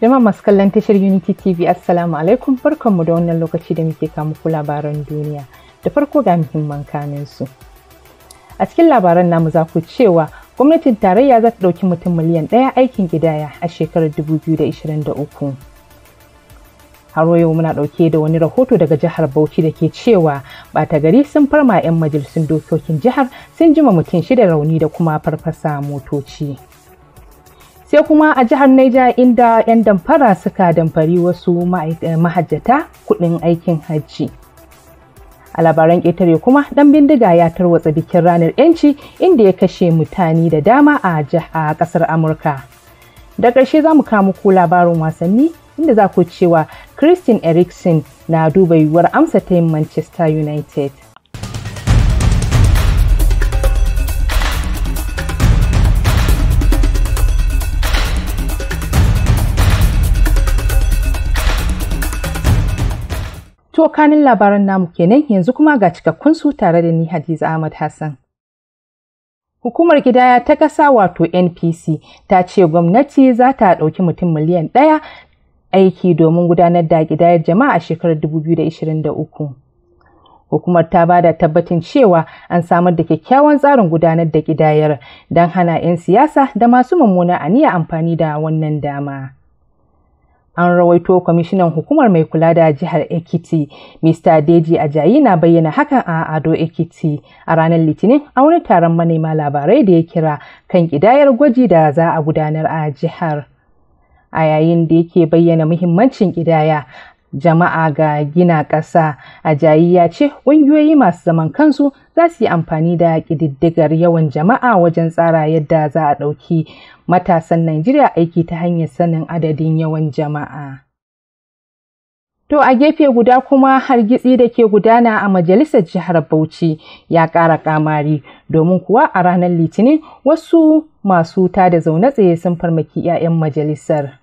Jama'a masu kallon tashar Unity TV Assalamu alaikum barkanmu da wannan lokaci da muke kama ku labaran duniya. Da farko ga muhimman kanin su. A cikin labaran namu za ku cewa gwamnatin tarayya za ta ɗauki mutum miliyan ɗaya aikin gidaya a shekarar 2023. Haro yau muna ɗauke da wani rahoto daga jihar Bauchi da ke cewa ɓata gari sun farma 'yan majalisun dokokin jihar sun jima mutum shida rauni da kuma farfasa motoci. sai kuma a jihar Niger inda 'yan damfara suka damfari wasu eh, mahajjata kuɗin aikin hajji. A labaran ƙetare kuma ɗan bindiga ya tarwatsa bikin ranar 'yanci inda ya kashe mutane da dama a ƙasar Amurka. Da ƙarshe za mu kawo muku labarin wasanni inda za ku cewa Christian Eriksen na duba yiwuwar amsa ta yin Manchester United. To kanin labaran namu kenan yanzu kuma ga cikakkun su tare da ni Hadiza Ahmad Hassan. Hukumar gidaya ta ƙasa wato NPC ta ce gwamnati za ta ɗauki mutum miliyan ɗaya aiki domin gudanar da gidayar jama'a shekarar 2023. Hukumar ta ba da tabbatin cewa an samar da kyakkyawan tsarin gudanar da gidayar don hana 'yan siyasa da masu mummuna aniya amfani da wannan dama. an rawaito kwamishinan hukumar mai kula da jihar ekiti mr deji ajayi na bayyana hakan a ado ekiti a ranar litinin a wani taron manema labarai da ya kira kan kidayar gwaji da za a gudanar a jihar a yayin da yake bayyana muhimmancin kidaya jama'a ga gina ƙasa ajayi ya ce ƙungiyoyi masu zaman kansu za su yi amfani da ƙididdigar yawan jama'a wajen tsara yadda za a ɗauki matasan najeriya aiki ta hanyar sanin adadin yawan jama'a To a gefe guda kuma hargitsi da ke gudana a majalisar jihar Bauchi ya ƙara kamari domin kuwa a ranar Litinin wasu masu tada zaune tsaye sun farmaki 'ya'yan majalisar.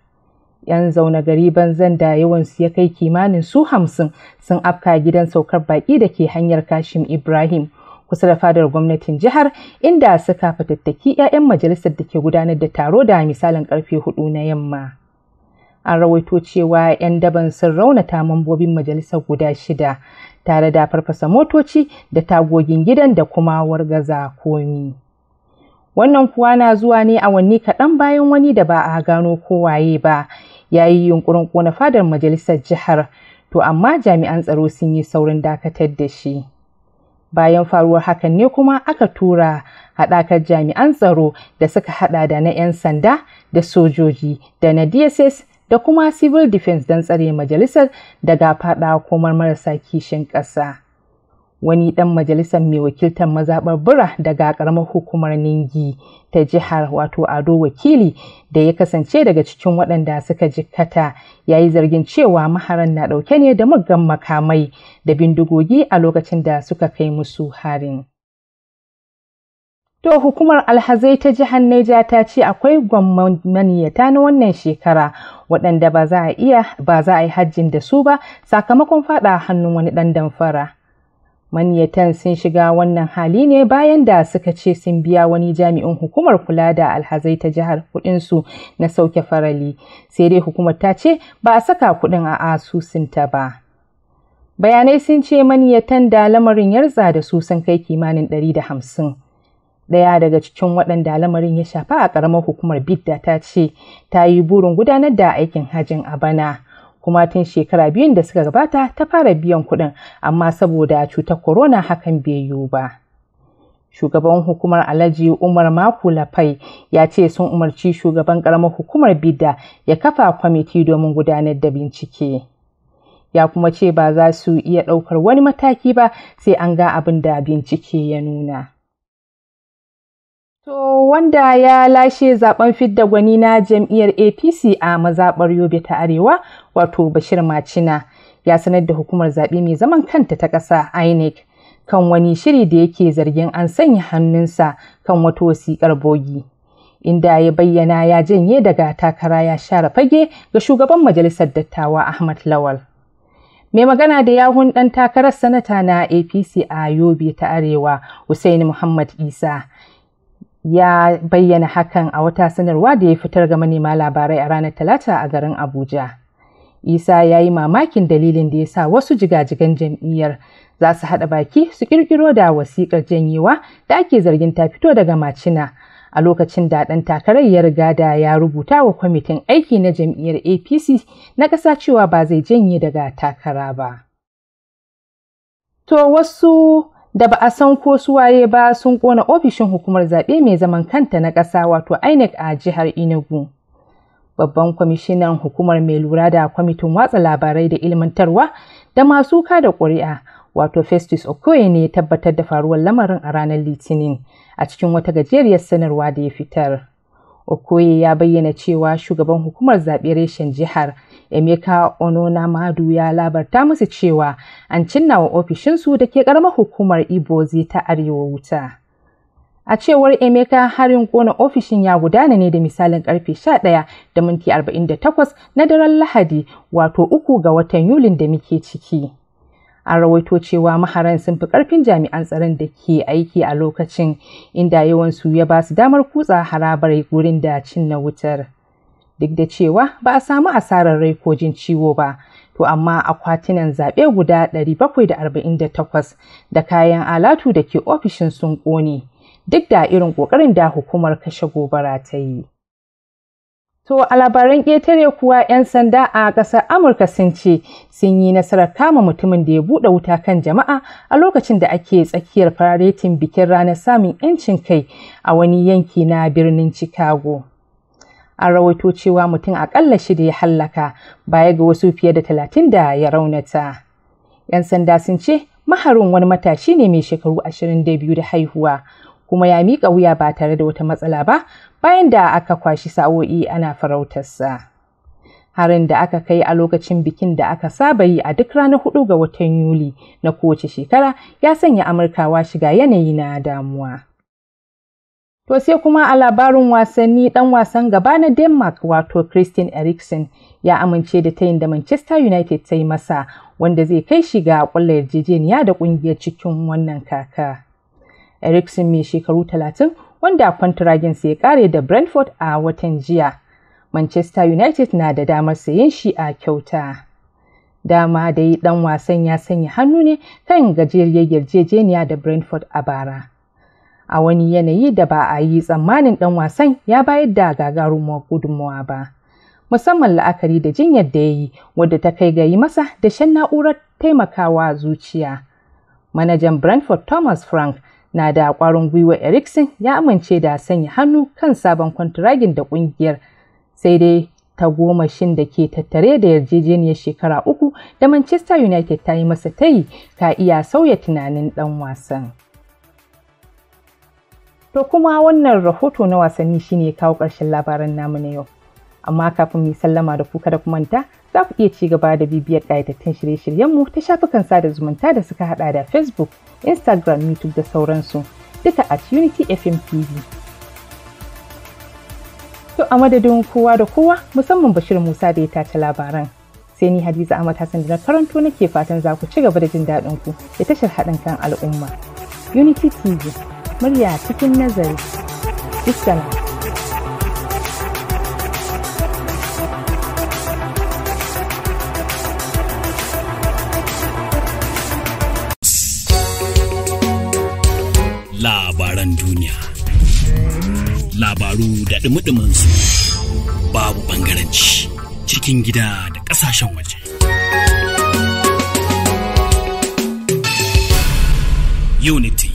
'yan zaune gari banzan da yawansu ya kai kimanin su hamsin sun afka gidan saukar baƙi da ke hanyar kashim ibrahim kusa da fadar gwamnatin jihar inda suka fatattaki 'ya'yan majalisar da ke gudanar da taro da misalin karfe hudu na yamma an rawaito cewa 'yan daban sun raunata mambobin majalisar guda shida tare da farfasa motoci da tagogin gidan da kuma wargaza komi. Wannan kuwa na zuwa ne awanni kaɗan bayan wani da ba a gano kowaye ba ya yi yunkurin kona fadar majalisar jihar to amma jami'an tsaro sun yi saurin dakatar da shi bayan faruwar hakan ne kuma aka tura haɗakar jami'an tsaro da suka haɗa da na 'yan sanda da sojoji da na dss da kuma civil defense don tsare majalisar daga faɗa komar marasa kishin ƙasa. wani ɗan majalisar mai wakiltar mazaɓar bura daga ƙaramar hukumar ningi ta jihar wato ado wakili da ya kasance daga cikin waɗanda suka jikkata ya yi zargin cewa maharan na ɗauke ne da muggan makamai da bindigogi a lokacin da suka kai musu harin. To hukumar alhazai ta jihar Neja ta ce akwai ta na wannan shekara waɗanda ba za a ba za a yi hajjin da su ba sakamakon faɗa hannun wani ɗan damfara. Manyatan sun shiga wannan hali ne bayan da suka ce sun biya wani jami'in hukumar kula da alhazai ta jihar kudinsu na sauke farali sai dai hukumar ta ce ba a saka kudin a asusunta ba bayanai sun ce manyatan da lamarin yarza da su sun kai kimanin ɗari da hamsin. daya daga cikin waɗanda lamarin ya shafa a ƙaramar hukumar bidda ta ce ta yi burin gudanar da aikin hajin a bana kuma tun shekara biyun da suka gabata ta fara biyan kuɗin amma saboda cutar corona hakan bai yiwu ba. Shugaban hukumar Alhaji Umar Maku Lafai ya ce sun umarci shugaban karamar hukumar Bidda ya kafa kwamiti domin gudanar da bincike. Ya kuma ce ba za su iya ɗaukar wani mataki ba sai an ga abin da bincike ya nuna. To wanda ya lashe zaben fidda gwani na jam'iyyar APC a mazaɓar Yobe ta Arewa wato Bashir Macina ya sanar da hukumar zaɓe mai zaman kanta ta ƙasa INEC kan wani shiri da yake zargin an sanya hannunsa kan wata wasiƙar bogi. Inda ya bayyana ya janye daga takara ya share fage ga shugaban majalisar dattawa Ahmad Lawal. mai magana da yahun ɗan takarar sanata na apc a yobe ta arewa Hussaini muhammad isa ya bayyana hakan a wata sanarwa da ya fitar ga manema labarai a ranar talata a garin abuja isa ya yi mamakin dalilin da ya sa wasu jigajigan jam'iyyar za su haɗa baki su ƙirƙiro da wasiƙar janyewa da ake zargin ta fito daga macina a lokacin da ɗan takarar ya riga da ya rubuta wa kwamitin aiki na jam'iyyar apc na ƙasa cewa ba zai janye daga takara ba to wasu da ba a san ko suwaye ba sun kona ofishin hukumar zaɓe mai zaman kanta na ƙasa wato INEC a jihar Enugu. Babban kwamishinan hukumar mai lura da kwamitin watsa labarai da ilmantarwa da masu kada ƙuri'a wato Festus Okoye ne ya tabbatar da faruwar lamarin a ranar Litinin a cikin wata gajeriyar sanarwa da ya fitar. Okoye ya bayyana cewa shugaban hukumar zaɓe reshen jihar emeka onona madu ya labarta musu cewa an cinna wa ofishinsu da ke karamar hukumar ibozi ta arewa wuta a cewar emeka harin kona ofishin ya gudana ne da misalin karfe 11 da minti 48 na daren lahadi wato uku ga watan yulin da muke ciki an rawaito cewa maharan sun fi karfin jami'an tsaron da ke aiki a lokacin inda yawansu ya ba su damar kutsa harabar gurin da cin wutar duk da cewa ba a samu asarar rai ko jin ciwo ba to amma akwatinan zaɓe guda 748 da kayan alatu da ke ofishin sun ƙone duk da irin ƙoƙarin da hukumar kashe gobara ta yi. To a labaran ƙetare kuwa 'yan sanda a ƙasar Amurka sun ce sun yi nasarar kama mutumin da ya buɗe wuta kan jama'a a lokacin da ake tsakiyar fararetin bikin ranar samun 'yancin kai a wani yanki na birnin Chicago. an rawaito cewa mutum akalla shida ya hallaka baya ga wasu fiye da talatin da ya raunata. 'Yan sanda sun ce maharin wani matashi ne mai shekaru ashirin da biyu da haihuwa kuma ya miƙa wuya ba tare da wata matsala ba bayan da aka kwashi sa'o'i ana farautarsa. Harin da aka kai a lokacin bikin da aka saba yi a duk ranar hudu ga watan Yuli na kowace shekara ya sanya Amurkawa shiga yanayi na damuwa. To sai kuma a labarin wasanni dan wasan gaba na Denmark wato Christian Eriksen ya amince da tayin da Manchester United ta yi masa wanda zai kai shi ga kulla yarjejeniya da kungiyar cikin wannan kaka. Eriksen mai shekaru 30 wanda kwantiraginsa ya kare da Brentford a watan jiya. Manchester United na da damar sayen shi a kyauta. Dama dai dan wasan ya sanya hannu ne kan gajeriyar yarjejeniya da Brentford a bara. a wani yanayi da ba a yi tsammanin ɗan wasan ya bayar da gagarumar gudunmawa ba. Musamman la'akari da jinyar da ya yi wadda ta kai ga yi masa shan na'urar taimakawa zuciya. Manajan Brentford Thomas Frank na da ƙwarin gwiwa Eriksen ya amince da sanya hannu kan sabon kwantiragin da ƙungiyar sai dai ta goma shin da ke tattare da yarjejeniyar shekara uku da Manchester United ta yi masa ta yi, ka iya sauya tunanin ɗan wasan. To kuma wannan rahoto na wasanni shine kawo ƙarshen labaran namu na yau. Amma kafin mu sallama da ku kada ku manta, za ku iya ci gaba da bibiyar ƙayatattun shirye-shiryenmu ta shafukan sada zumunta da suka haɗa da Facebook, Instagram, YouTube da sauransu. Duka at Unity FM TV. To a madadin kowa da kowa musamman Bashir Musa da ya tace labaran. Sai ni Hadiza Ahmad Hassan da na karanto nake fatan za ku ci gaba da jin daɗin ku da tashar haɗin kan al'umma. Unity TV. murya cikin nazari bisala labaran duniya labaru da dumi su babu ɓangaranci cikin gida da ƙasashen waje unity